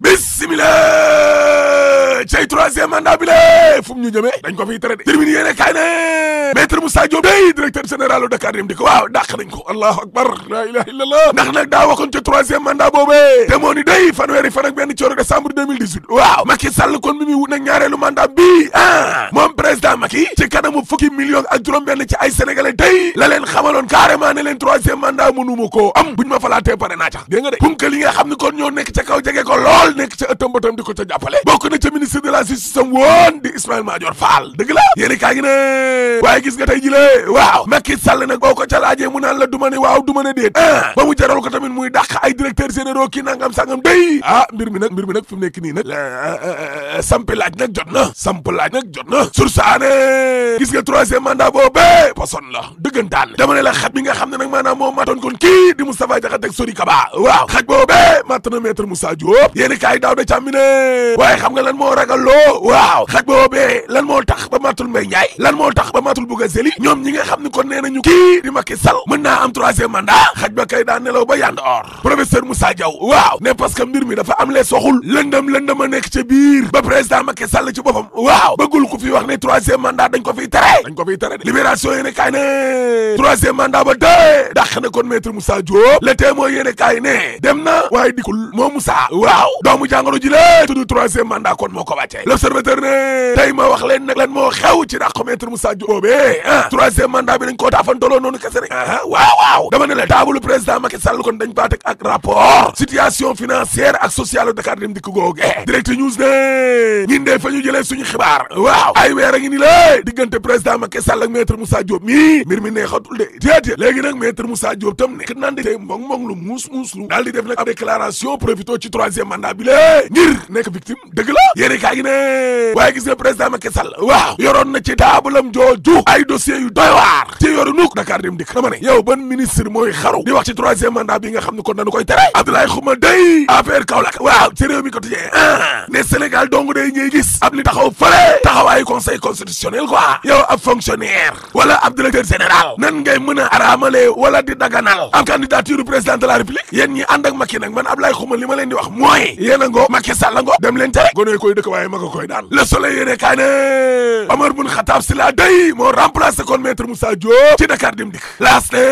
bismillah cay troisième mandat bi la fu mu ñu jëmee dañ ko fiy tere de terminé yéene maître Moussa Diop day directeur général de Karim di ko waaw dàq nañ ko allahu akbar la ilaha illallah ndax nag daa waxoon ca troisième te moo ni day fanweeri fan ak benn cooru décembre 2018 waaw Macky Sall kon bi muy wut ñaareelu mandat bi ah moom président Macky ci kanamu fukki million ak juróom benn ci ay sénégalais day la leen xamaloon carrément leen troisième mandat mënuma koo am buñ ma falaatee pare naa ca kaw de la justice gis nga tey ji lee waaw Macky nag boo ko ca laajee mu naan la duma ne waaw duma ne déet ah ba mu jaral ko tamit muy dàq ay directeur généraux kii nangam sangam day ah mbir mi nag fi mu nag eh, eh, eh, samp laaj nag jot na samp laaj nag jot na sursaane gis nga troisième mandat boobee poson la dëggantaan dama ne la xaj bi nga xam ne nag maanaam moo matoon kon kii di Moustapha Diakhaté ak Sori Kaba waaw xaj boobee mat na maître Moussa Diop yéeni kaay daaw da càmmi ne waaye xam nga lan moo ragal loo waaw xaj moo tax ba matul Mbaye Ndiaye lan moo tax ba matul bugg a seli ñoom ñi nga xam ne kon nee nañu kii di Macky Sall mën naa am troisième mandat xaj ba kay daa nelaw ba yànd or professeur Moussa Diaw waaw ne parce mbir mi dafa am les soxul lëndëm lëndëm a nekk ca biir ba président Macky Sall ci boppam waaw bëggul ku fi wax ne troisième mandat dañ ko fiy tere dañ ko fiy tere de libération yéene ne troisième mandat ba dee dàq na kon maître Moussa Diop le témoin yéene kaay ne dem na waaye dikul moo Moussa waaw doomu jàngoro ne ah troisième mandat bi dañ koo taafantoloo noonu kese rek ah, ah waaw waaw dama ne la taabalu président Macky Sall eh, a la diggante président Macky Sall ak maître Moussa Diop mii mbir mi neexatul de déedéet léegi nag maître Moussa Diop tam ne naan de tey mbong mbong lu muus muus lu ngir nekk victime dëgg la yéene kaa waaye gis nga président Macky Sall waaw yoroon na ci taabalam jooju ay dossiers yu doy waar yoru nuuk Dakar dem dikk dama ne yow ban ministre mooy xaru di wax ci troisième mandat bi nga xam ne kon dañu koy tere Abdoulaye Xuma day affaire Kaolack waaw ci réew mi quotidien ah ne Sénégal dong day ngay gis ab li taxaw fële conseil constitutionnel quoi yow ab fonctionnaire wala ab général nan ngay mën a araamale wala di daganal ab candidature président de la république yéen ñi ànd ak Macky man Abdoulaye Xuma ma leen di wax mooy yéen a ngo Macky Sall a tere gone koy dëkk waaye yëpp ci Dakar Dem Dikk laas ne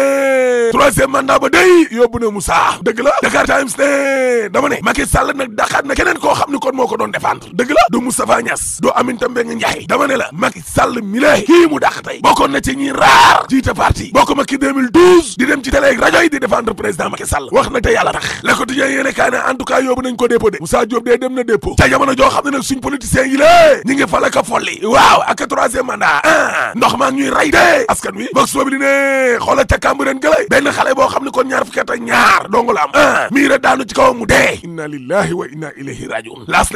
troisième mandat ba day yóbbu na Moussa dëgg la Dakar Times ne dama ne Macky nag daqaat na keneen koo xam ni kon moo ko doon défendre dëgg la du Moustapha Niass du Aminata Mbengue Ndiaye dama ne la Macky Sall mi la kii mu dàq tey bokkoon na ci ñi raar jiite parti bokk Macky 2012 di dem ci télé rajo yi di défendre président Macky Sall wax na te yàlla tax Le Quotidien yéene kaa ne yóbbu nañ ko dépôt de Moussa Diop dee dem na dépôt joo ndox maa ñuy rey de askan vox boobu ah, ci wa inna ilayhi rajiun laas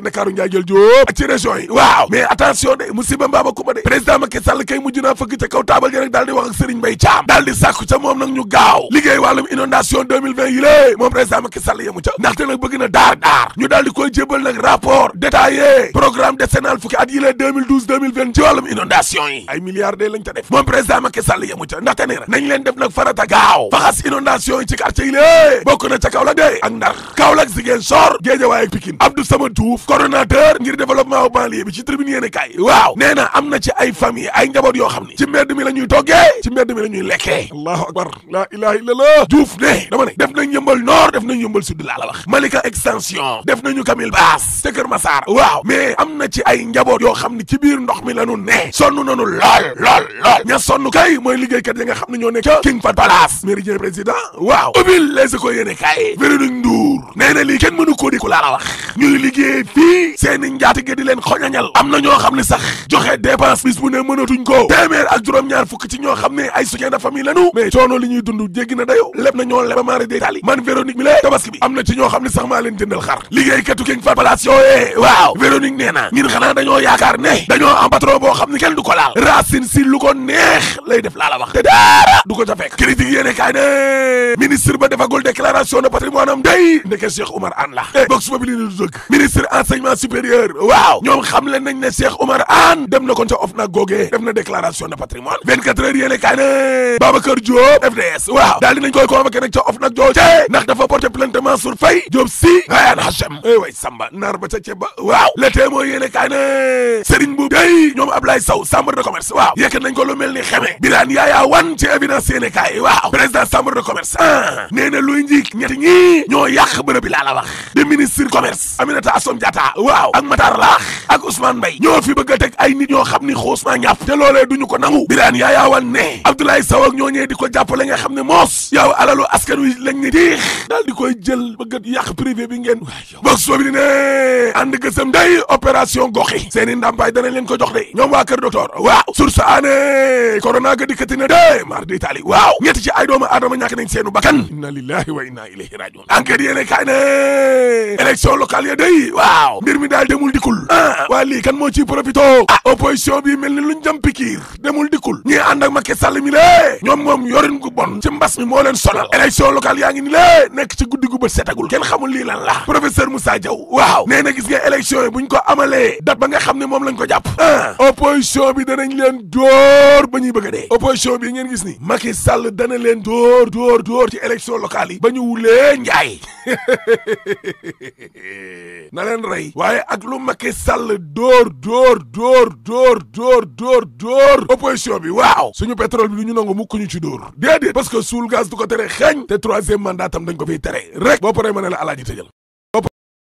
Ndakaaru njaay jël jóob ci région yi waaw mais attention de musiba mbaaba kumba de président Macky Sall kay mujj naa fëkk ca kaw taabal ja rek daal di wax ak Serigne Mbaye Thiam di sàkku ca moom nag ñu gaaw liggéey wàllum inondation 2020 yi lée moom président Macky Sall yemu ca ndaxte nag daar daar ñu daal di koy jébal nag rapport détaillé programme décennal fukki at yi la 2012 2020 ci wàllum inondation yi ay milliards de lañ ta def moom président Macky Sall yemu ca ndaxte nee na nañ leen def nag farata gaaw faxas inondation yi ci quartier yi lée bokk ca Kaolack de ak Ndar Kaolack Ziguinchor Guédiawaye ak Pikine Abdou Sama Diouf coordonnateur ngir développement banlieue bi ci tribune yéene kaay waaw nee na ci ay famille ay njaboot yoo xam ne ci mbedd mi la ñuy toggee ci mbedd mi la la ilaha illallah Diouf ne dama ne am na ci ay njaboot yoo xam ne ci biir ndox mi la ñu ne sonn nañu lool lool lool ña sonn kay mooy liggéeykat yi nga xam ne ñoo ne ca King Fahd Palace mairie président waaw ubbil les écoles yéene kay nee na lii kenn mënu koo diku laa la wax ñuy liggéey fii seeni njaatige di leen xoñañal am na ñoo xam ne sax joxe dépense bis bu ne mënatuñ ko téeméer ak juróom-ñaar fukk ci ñoo xam ne ay soutien de famille lanu mais coono li ñuy dund jéggi na dayo leb na ñoo leba maare day tali man Véronique mi la tabaski bi am na ci ñoo xam ne sax maa leen jëndal xar liggéeykatu King Fahd Palace yooyee waaw Véronique nee na xanaa dañoo yaakaar ne dañoo am boo xam ne kenn du ko laal racine si lu ko neex lay def de patrimoine ndeke Cheikh Oumar Anne la e box bobu li ne du dëgg ministre enseignement supérieur waaw ñoom xam leen nañ ne Cheikh Oumar Anne dem na ko ca OFNAC googee def na déclaration de patrimoine 24 heures yéene kaa ne Babacar Diop FDS waaw daal di nañ koy convoqué ca OFNAC jooje ndax dafa porté plainte Mansour Faye si ayaan Hachem eh, ay way Samba naar ba ca ceba waaw le témoin yéene kaa ne Serigne Boub day ñoom Ablaye Sow chambre de commerce waaw yekkat nañ ko lu mel ni xeme biraan yaayaa wan ci évidence yéene bërëb bi laa la wax di ministre commerce Aminata Assome Diatta waaw ak Matar Laax ak Ousmane Mbaye ñoo fi bëgg a teg ay nit ñoo xam ni xoos naa ñàpp te loolee duñu ko nangu biraan yaayaawan ne Abdoulaye Sow ak ñoo ñee di ko jàppale nga xam ne moos yow alalu askan wi lañ ni di koy jël bëgg a yàq privé bi ngeen box boobu di gësëm day opération goxi seeni ndàmpaay danañ leen ko jox de ñoom waa kër docteur waaw sursa aane corona ga dikkati na de mardi tali waaw kaay ne élection locale ya day waaw mbir mi daal demul dikkul ah, waa lii kan moo ciy profito ah opposition bi mel ni luñ jëm pikiir demul dikkul ñi ànd ak Macky Sall mi lée ñoom moom yorin gu bon ci mbas mi moo leen sonal élection locale yaa ngi ni lée nekk ci guddi gu bët setagul kenn xamul lii lan la professeur Moussa Diaw waaw nee na gis nga élection yi buñ ko amalee date ba nga xam ne moom lañ ko jàpp ah opposition bi danañ leen dóor ba ñuy bëgg a dee opposition bi ngeen gis ni Macky Sall dana leen dóor dóor dóor ci élection locale yi ba ñu wulee njaay na leen rey waaye ak lu Macky Sall dóor dóor dóor dóor dóor dóor dóor opposition bi waaw suñu pétrole bi du ñu nangu mukk ñu ci dóor déedéet parce que suul gaz du ko tere xeeñ te troisième mandat tam dañ ko fiy tere rek boo paree ma ne la alaaji tëjal